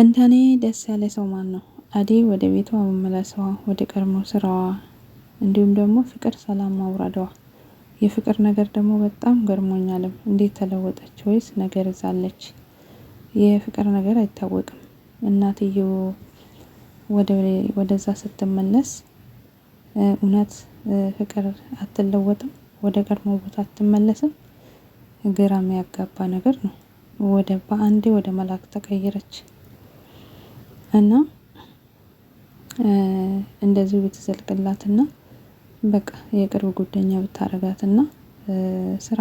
እንደኔ ደስ ያለ ሰው ማን ነው? አዴ ወደ ቤቷ መመለሷ፣ ወደ ቀድሞ ስራዋ፣ እንዲሁም ደግሞ ፍቅር ሰላም ማውረዷ የፍቅር ነገር ደግሞ በጣም ገርሞኛልም። እንዴት ተለወጠች? ወይስ ነገር እዛለች የፍቅር ነገር አይታወቅም። እናትየው ወደዛ ስትመለስ እውነት ፍቅር አትለወጥም? ወደ ቀድሞ ቦታ አትመለስም? ግራ ያጋባ ነገር ነው። ወደ በአንዴ ወደ መልአክ ተቀየረች። እና እንደዚሁ ብትዘልቅላትና በቃ የቅርብ ጉደኛ ብታደርጋትና ስራ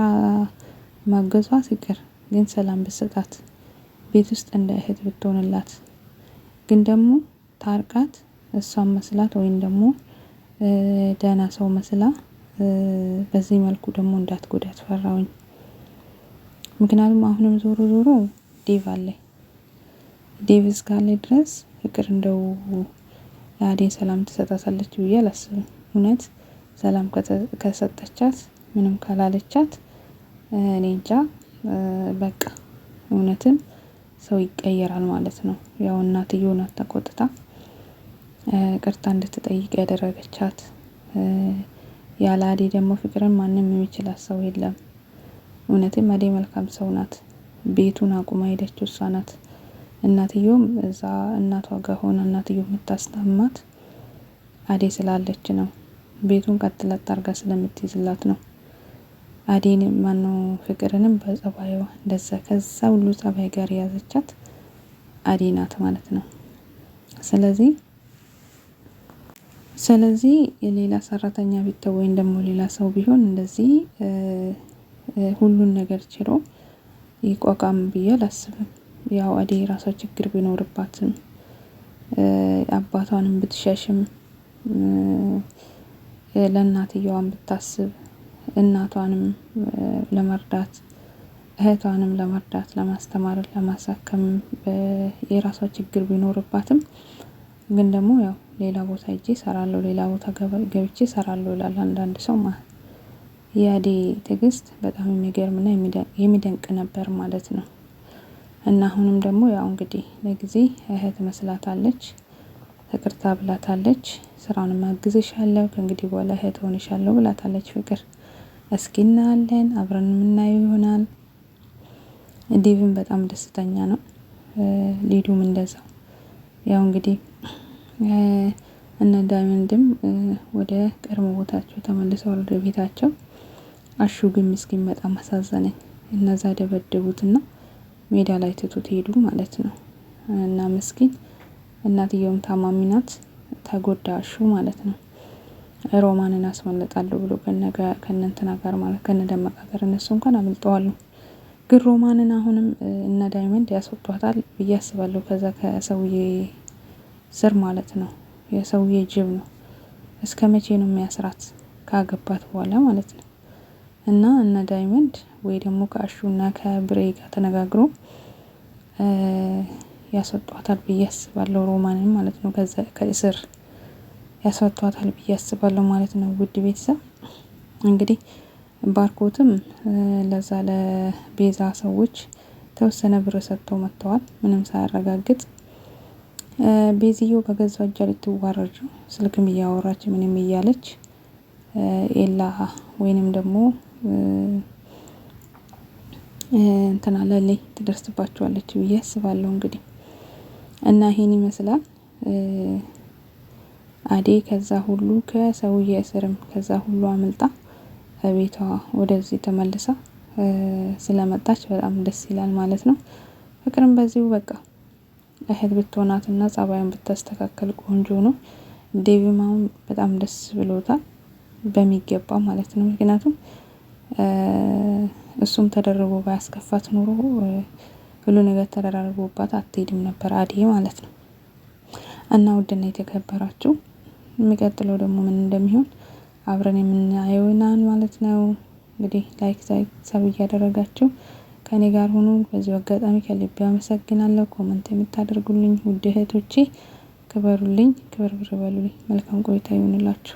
ማገዟ ሲቀር ግን ሰላም ብስጣት ቤት ውስጥ እንደ እህት ብትሆንላት ግን ደግሞ ታርቃት እሷን መስላት ወይም ደግሞ ደህና ሰው መስላ በዚህ መልኩ ደግሞ እንዳትጎዳት ፈራውኝ። ምክንያቱም አሁንም ዞሮ ዞሮ ዴቭ አለኝ ዴቭ እስካለ ድረስ ፍቅር እንደው ለአዴን ሰላም ትሰጣታለች ብዬ አላስብም። እውነት ሰላም ከሰጠቻት ምንም ካላለቻት እኔ እንጃ በቃ እውነትም ሰው ይቀየራል ማለት ነው። ያው ናት ተቆጥታ ቅርታ እንድትጠይቅ ያደረገቻት ያለ አዴ ደግሞ ፍቅርን ማንም የሚችላት ሰው የለም። እውነትም አዴ መልካም ሰው ናት። ቤቱን አቁማ ሄደችው እሷ ናት። እናትየውም እዛ እናቷ ጋር ሆና እናትየ የምታስታማት አዴ ስላለች ነው። ቤቱን ቀጥለጥ አርጋ ስለምትይዝላት ነው። አዴን ማነው ፍቅርንም በጸባዩ እንደዛ ከዛ ሁሉ ጸባይ ጋር የያዘቻት አዴ ናት ማለት ነው። ስለዚህ ስለዚህ የሌላ ሰራተኛ ቢተው ወይም ደግሞ ሌላ ሰው ቢሆን እንደዚህ ሁሉን ነገር ችሎ ይቋቋም ብዬ አላስብም። ያው አደይ የራሷ ችግር ቢኖርባትም አባቷንም ብትሸሽም ለእናትየዋን ብታስብ እናቷንም ለመርዳት እህቷንም ለመርዳት ለማስተማር ለማሳከም የራሷ ችግር ቢኖርባትም ግን ደግሞ ያው ሌላ ቦታ ሄጄ ሰራለሁ ሌላ ቦታ ገብቼ ሰራለሁ ይላል አንዳንድ ሰው ማለት የአደይ ትዕግስት በጣም የሚገርምና የሚደንቅ ነበር ማለት ነው። እና አሁንም ደግሞ ያው እንግዲህ ለጊዜ እህት መስላታለች ይቅርታ ብላታለች። ስራውንም አግዝሻለሁ ከእንግዲህ በኋላ እህት ሆንሻለሁ ብላታለች ፍቅር። እስኪ እናያለን አብረን የምናየው ይሆናል። ዴቭም በጣም ደስተኛ ነው። ሊዱም እንደዛው ያው እንግዲህ እነ ዳይመንድም ወደ ቀድሞ ቦታቸው ተመልሰው ወደ ቤታቸው። አሹ ግን ምስኪን በጣም አሳዘነኝ። እነዛ ደበደቡትና ሜዳ ላይ ትቶት ሄዱ ማለት ነው። እና ምስኪን እናትየውም ታማሚ ናት፣ ተጎዳሹ ማለት ነው። ሮማንን አስመለጣለሁ ብሎ ከነንትና ጋር ማለት ከነደመቀ ጋር እነሱ እንኳን አምልጠዋሉ። ግን ሮማንን አሁንም እነ ዳይመንድ ያስወጧታል ብዬ አስባለሁ። ከዛ ከሰውዬ ስር ማለት ነው። የሰውዬ ጅብ ነው። እስከ መቼ ነው የሚያስራት? ካገባት በኋላ ማለት ነው። እና እነ ዳይመንድ ወይ ደግሞ ከአሹና ከብሬ ጋር ተነጋግሮ ያስወጧታል ብዬ አስባለሁ። ሮማንን ማለት ነው ከዛ ከእስር ያስወጧታል ብዬ አስባለሁ ማለት ነው። ውድ ቤተሰብ እንግዲህ ባርኮትም ለዛ ለቤዛ ሰዎች ተወሰነ ብር ሰጥተው መጥተዋል። ምንም ሳያረጋግጥ ቤዝዮ በገዛ እጇ ልትዋረድ ስልክም እያወራች ምንም እያለች ኤላ ወይንም ደግሞ እንትን አላለኝ ትደርስባቸዋለች ብዬ አስባለሁ። እንግዲህ እና ይሄን ይመስላል። አዴ ከዛ ሁሉ ከሰውዬ እስርም ከዛ ሁሉ አመልጣ ከቤቷ ወደዚህ ተመልሳ ስለመጣች በጣም ደስ ይላል ማለት ነው። ፍቅርም በዚሁ በቃ እህት ብትሆናትና ጸባዩን ብታስተካከል ቆንጆ ነው። ዴቪማውን አሁን በጣም ደስ ብሎታል በሚገባ ማለት ነው። ምክንያቱም እሱም ተደርቦ ባያስከፋት ኑሮ ሁሉ ነገር ተደራርቦባት አትሄድም ነበር አዴ ማለት ነው። እና ውድና የተከበራችሁ የሚቀጥለው ደግሞ ምን እንደሚሆን አብረን የምናየው ይሆናል ማለት ነው። እንግዲህ ላይክ ሰብ እያደረጋችሁ ከኔ ጋር ሆኖ በዚሁ አጋጣሚ ከልቤ አመሰግናለሁ። ኮመንት የምታደርጉልኝ ውድ እህቶቼ ክበሩልኝ፣ ክብር ብር በሉልኝ። መልካም ቆይታ ይሆንላችሁ።